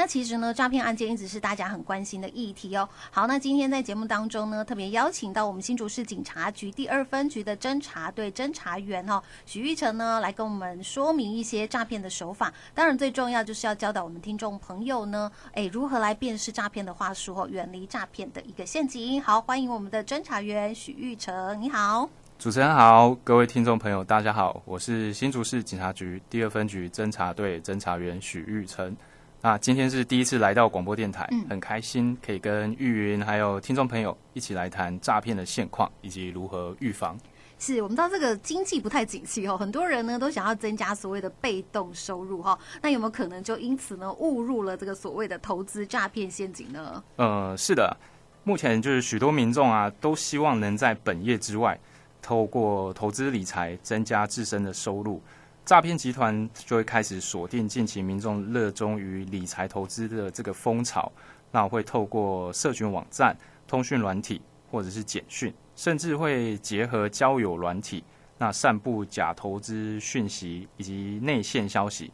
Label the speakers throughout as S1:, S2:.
S1: 那其實呢，詐騙案件一直是大家很關心的議題哦。好，那今天在節目當中呢，特別邀請到我們新竹市警察局第二分局的偵查隊偵查員哈、哦、許育誠呢，來跟我們說明一些詐騙的手法。當然，最重要就是要教導我們聽眾朋友呢，誒，如何來辨識詐騙的話術哦，遠離詐騙的一個陷阱。好，歡迎我們的偵查員許育誠，你好，
S2: 主持人好，各位聽眾朋友大家好，我是新竹市警察局第二分局偵查隊偵查員許育誠。啊，今天是第一次來到廣播電臺，嗯，很開心可以跟玉雲還有聽眾朋友一起來談詐騙的現況以及如何預防。
S1: 是，我們知道這個經濟不太景氣，哦，很多人呢都想要增加所謂的被動收入哈，哦，那有沒有可能就因此呢誤入了這個所謂的投資詐騙陷阱呢？
S2: 呃，是的，目前就是許多民眾啊都希望能在本業之外，透過投資理財增加自身的收入。詐騙集團就會開始鎖定近期民眾熱衷於理財投資的這個風潮，那會透過社群網站、通訊軟體或者是簡訊，甚至會結合交友軟體，那散布假投資訊息以及內線消息，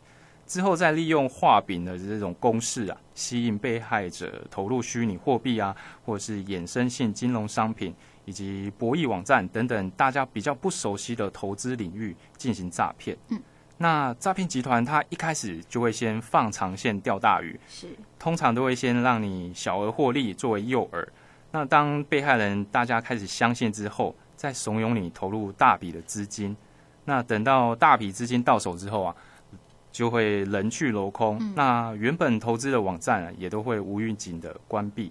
S2: 之後再利用畫餅的這種公式啊，吸引被害者投入虛擬貨幣啊，或者是衍生性金融商品。以及博弈網站等等，大家比較不熟悉的投資領域進行詐騙。嗯，那詐騙集團他一開始就會先放長線釣大魚，是通常都會先讓你小額獲利作為誘餌。那當被害人大家開始相信之後，再慫恿你投入大筆的資金。那等到大筆資金到手之後啊，就會人去樓空。嗯，那原本投資的網站啊，也都會無預警的關閉。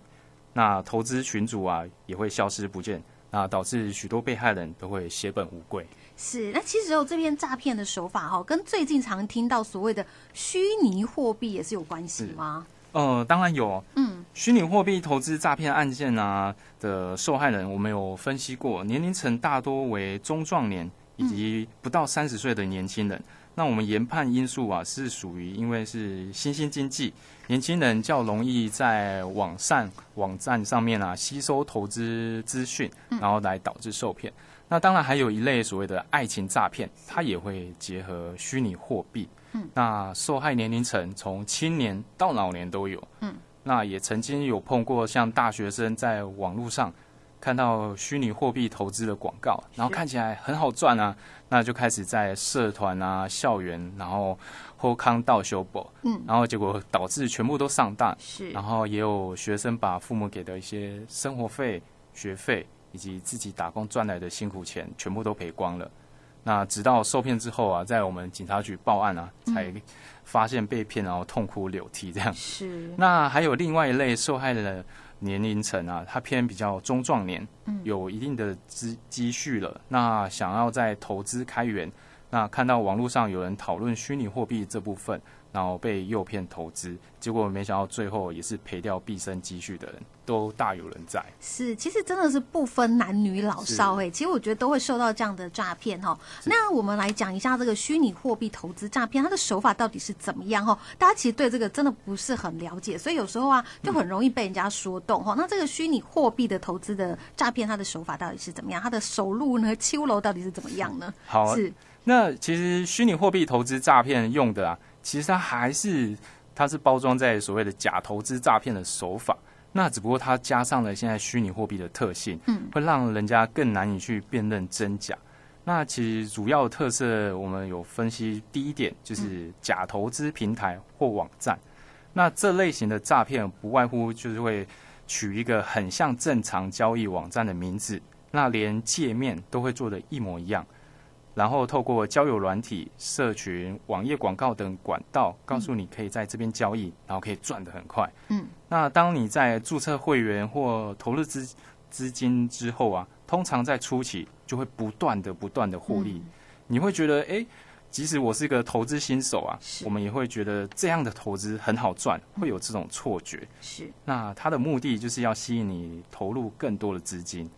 S2: 那投資群組啊，也會消失不見，那導致許多被害人都會血本無歸。
S1: 是，那其實有這篇詐騙的手法哈、哦，跟最近常聽到所謂的虛擬貨幣也是有關係嗎？
S2: 呃，當然有。嗯，虛擬貨幣投資詐騙案件啊的受害人，我們有分析過，年齡層大多為中壯年以及不到三十歲的年輕人。嗯那我們研判因素啊，是屬於因為是新興經濟，年輕人較容易在網上網站上面啊吸收投資資訊，然後來導致受騙。嗯。那當然還有一類所謂的愛情詐騙，它也會結合虛擬貨幣。嗯。那受害年齡層從青年到老年都有。嗯。那也曾經有碰過像大學生在網絡上。看到虛擬貨幣投資的廣告，然後看起來很好賺啊，是那就開始在社團啊、校園，然後後康道修補，嗯，然後結果導致全部都上當，是，然後也有學生把父母給的一些生活費、學費以及自己打工賺來的辛苦錢全部都賠光了。那直到受騙之後啊，在我們警察局報案啊，才發現被騙，然後痛哭流涕這樣。是。那還有另外一類受害人，年齡層啊，他偏比較中壯年，嗯、有一定的積積蓄了，那想要在投資開源，那看到網絡上有人討論虛擬貨幣這部分。然後被誘騙投資，結果沒想到最後也是賠掉畢生積蓄的人，都大有人在。
S1: 是，其實真的是不分男女老少、欸，哎是，其實我覺得都會受到這樣的詐騙、哦，哈是。那我們來講一下這個虛擬貨幣投資詐騙，它的手法到底是怎麼樣、哦，哈？大家其實對這個真的不是很了解，所以有時候啊，就很容易被人家說動，哈、嗯哦。那這個虛擬貨幣的投資的詐騙，它的手法到底是怎麼樣？它的手路和秋樓到底是怎麼樣呢？是好，是。
S2: 那其實虛擬貨幣投資詐騙用的啊。其實它還是，它是包裝在所謂的假投資詐騙的手法，那只不過它加上了現在虛擬貨幣的特性，嗯，會讓人家更難以去辨認真假。那其實主要的特色我們有分析，第一點就是假投資平台或網站。嗯、那這類型的詐騙不外乎就是會取一個很像正常交易網站的名字，那連界面都會做得一模一樣。然後透過交友軟體、社群、網頁廣告等管道，告訴你可以在這邊交易，嗯、然後可以賺得很快。嗯，那當你在註冊會員或投入資資金之後啊，通常在初期就會不斷的不斷的獲利。嗯、你會覺得，哎、欸，即使我是一個投資新手啊，是我們也會覺得這樣的投資很好賺，嗯、會有這種錯覺。是，那它的目的就是要吸引你投入更多的資金。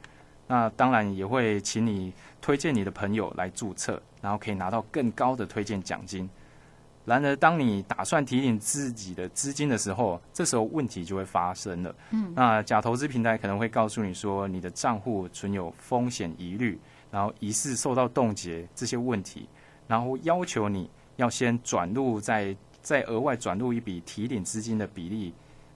S2: 那當然也會請你推薦你的朋友來註冊，然後可以拿到更高的推薦獎金。然而，當你打算提領自己的資金的時候，這時候問題就會發生了。嗯，那假投資平台可能會告訴你說，你的賬戶存有風險疑慮，然後疑似受到凍結這些問題，然後要求你要先轉入再，再再額外轉入一筆提領資金的比例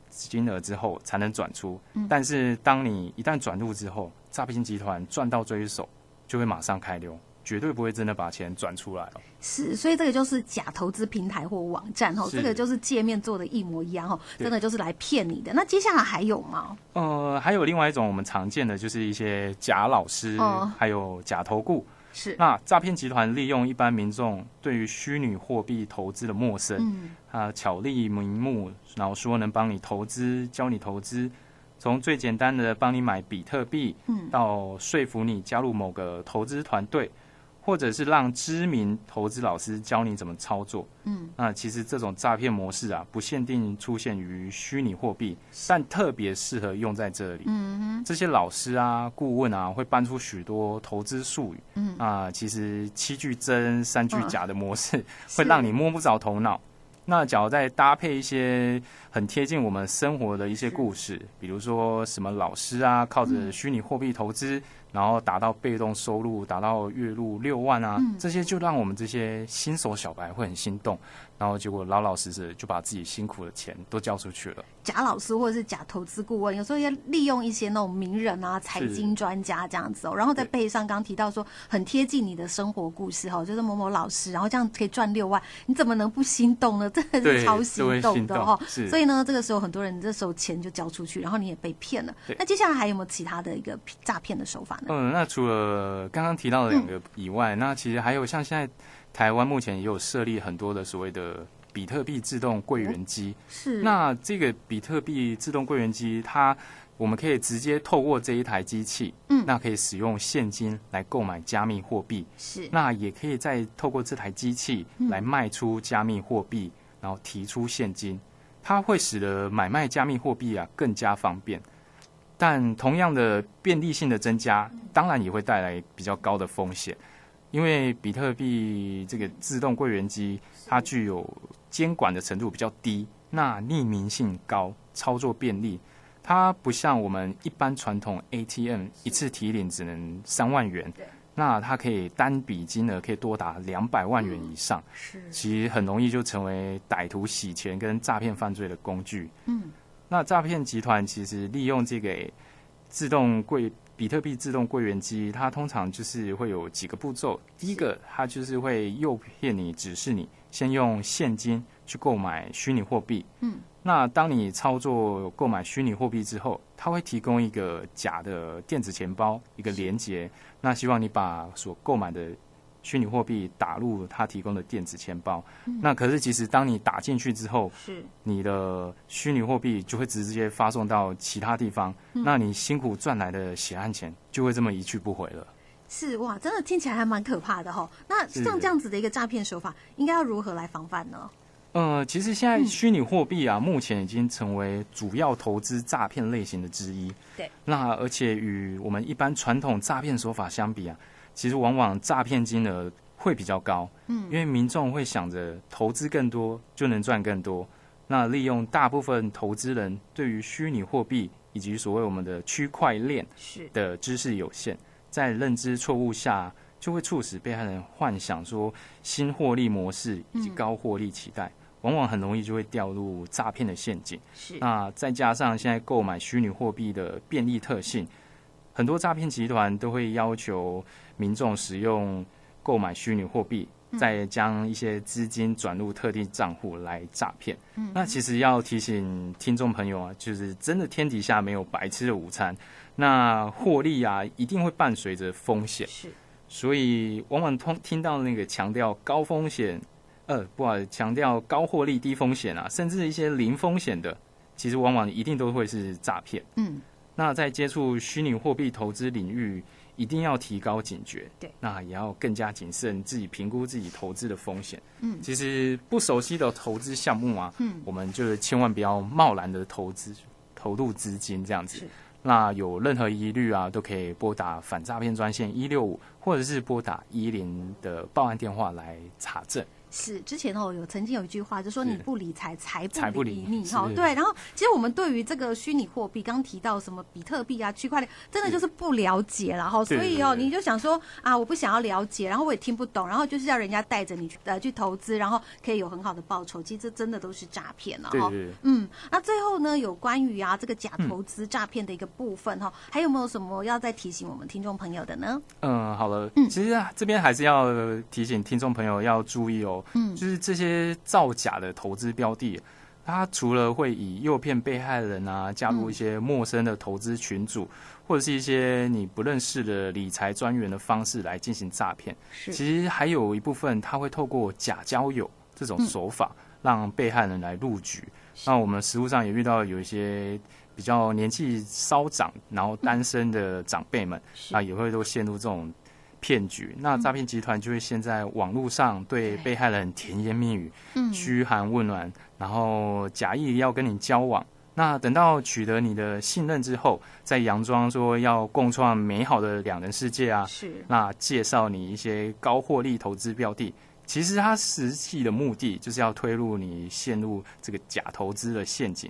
S2: 金額之後，才能轉出。嗯、但是，當你一旦轉入之後，詐騙集團賺到這一手，就會馬上開溜，絕對不會真的把錢轉出來了。
S1: 是，所以這個就是假投資平台或網站哦，是這個就是界面做的一模一樣，對真的就是來騙你的。那接下來還有嗎？
S2: 呃，還有另外一種我們常見的就是一些假老師，哦、還有假投顧。是。那詐騙集團利用一般民眾對於虛擬貨幣投資的陌生，啊、嗯呃，巧立名目，然後說能幫你投資，教你投資。從最簡單的幫你買比特幣，到說服你加入某個投資團隊，或者是讓知名投資老師教你怎麼操作，嗯，那其實這種詐騙模式啊，不限定出現於虛擬貨幣，但特別適合用在這裡。嗯，這些老師啊、顧問啊，會搬出許多投資術語，嗯，啊，其實七句真、三句假的模式，會讓你摸不着頭腦。那，假如再搭配一些很貼近我們生活的一些故事，比如說什麼老師啊，靠着虛擬貨幣投資。然後達到被動收入，達到月入六萬啊，嗯、這些就讓我們這些新手小白會很心動。然後結果老老實實就把自己辛苦的錢都交出去了。
S1: 假老師或者是假投資顧問，有時候要利用一些那種名人啊、財經專家這樣子哦。是然後在背上剛剛提到說對很貼近你的生活故事哈、哦，就是某某老師，然後這樣可以賺六萬，你怎麼能不心動呢？真的是超心動的哈、哦。是所以呢，這個時候很多人這時候錢就交出去，然後你也被騙了。對那接下來還有沒有其他的一個詐騙的手法？
S2: 嗯，那除了剛剛提到的兩個以外，嗯，那其實還有像現在台灣目前也有設立很多的所謂的比特幣自動櫃員機。是。那這個比特幣自動櫃員機，它我們可以直接透過這一台機器，嗯，那可以使用現金來購買加密貨幣。是。那也可以再透過這台機器來賣出加密貨幣，然後提出現金，它會使得買賣加密貨幣啊更加方便。但同樣的便利性的增加，當然也會帶來比較高的風險，因為比特幣這個自動櫃員機，它具有監管的程度比較低，那匿名性高，操作便利，它不像我們一般傳統 ATM，一次提領只能三萬元，對那它可以單筆金額可以多達兩百萬元以上，嗯、是，其實很容易就成為歹徒洗錢跟詐騙犯罪的工具，嗯。那詐騙集團其實利用這個自動櫃比特幣自動櫃員機，它通常就是會有幾個步驟。第一個，它就是會誘騙你，指示你先用現金去購買虛擬貨幣。嗯，那當你操作購買虛擬貨幣之後，它會提供一個假的電子錢包，一個連結，那希望你把所購買的。虛擬貨幣打入他提供的電子錢包，嗯、那可是其實當你打進去之後，是你的虛擬貨幣就會直接發送到其他地方，嗯、那你辛苦賺來的血汗錢就會這麼一去不回了。
S1: 是哇，真的聽起來還蠻可怕的哈、哦。那像這樣子的一個詐騙手法，是應該要如何來防範呢？
S2: 呃，其實現在虛擬貨幣啊，嗯、目前已經成為主要投資詐騙類型的之一。對。那而且與我們一般傳統詐騙手法相比啊。其實往往詐騙金額會比較高，嗯，因為民眾會想着投資更多就能賺更多。那利用大部分投資人對於虛擬貨幣以及所謂我們的區塊鏈的知識有限，是在認知錯誤下，就會促使被害人幻想說新獲利模式以及高獲利期待，嗯、往往很容易就會掉入詐騙的陷阱。是，那再加上現在購買虛擬貨幣的便利特性。嗯很多詐騙集團都會要求民眾使用購買虛擬貨幣，嗯、再將一些資金轉入特定賬戶來詐騙。嗯、那其實要提醒聽眾朋友啊，就是真的天底下沒有白吃的午餐，那獲利啊一定會伴隨着風險。是，所以往往通聽到那個強調高風險，呃，不啊，強調高獲利低風險啊，甚至一些零風險的，其實往往一定都會是詐騙。嗯。那在接觸虛擬貨幣投資領域，一定要提高警覺。對，那也要更加謹慎，自己評估自己投資的風險。嗯，其實不熟悉的投資項目啊，嗯，我們就是千萬不要貿然的投資投入資金這樣子。是，那有任何疑慮啊，都可以撥打反詐騙專線一六五，或者是撥打一一零的報案電話來查證。
S1: 是，之前哦，有曾經有一句話就說，你不理財，是財不理你。哦，你是對，然後其實我們對於這個虛擬貨幣，剛剛提到什麼比特幣啊、區塊鏈，真的就是不了解啦。哦是，所以哦，對對對對，你就想說啊，我不想要了解，然後我也聽不懂，然後就是要人家帶着你去呃去投資，然後可以有很好的報酬。其實這真的都是詐騙了哈。對對對嗯，那最後呢，有關於啊這個假投資詐騙的一個部分哈，嗯、還有沒有什麼要再提醒我們聽眾朋友的呢？嗯，
S2: 好了，嗯，其實、啊、這邊還是要提醒聽眾朋友要注意哦。嗯，就是這些造假的投資標的，他除了會以誘騙被害人啊加入一些陌生的投資群組，或者是一些你不認識的理財專員的方式來進行詐騙，是其實還有一部分，他會透過假交友這種手法，讓被害人來入局。是那我們實務上也遇到有一些比較年紀稍長，然後單身的長輩們，是那也會都陷入這種。騙局，那詐騙集團就會先在網絡上對被害人甜言蜜語、對噓寒問暖，然後假意要跟你交往。那等到取得你的信任之後，再佯裝說要共創美好的兩人世界啊。是。那介紹你一些高獲利投資標的，其實它實際的目的就是要推入你陷入這個假投資的陷阱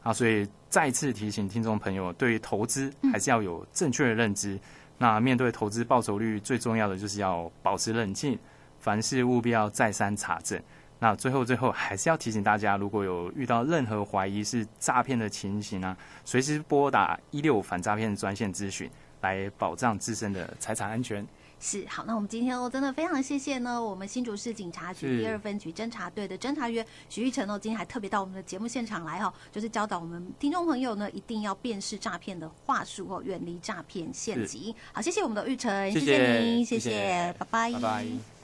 S2: 啊。那所以再次提醒聽眾朋友，對於投資還是要有正確的認知。嗯那面對投資報酬率，最重要的就是要保持冷靜，凡事務必要再三查證。那最後最後還是要提醒大家，如果有遇到任何懷疑是詐騙的情形啊，隨時撥打一六五反詐騙專線諮詢，來保障自身的財產安全。
S1: 是好，那我們今天哦，真的非常謝謝呢，我們新竹市警察局第二分局偵查隊的偵查員是許育誠哦，今天還特別到我們的節目現場來哈、哦，就是教導我們聽眾朋友呢，一定要辨識詐騙的話術哦，遠離詐騙陷阱。是好，謝謝我們的育誠，謝謝,謝謝你，謝謝，拜拜，拜拜。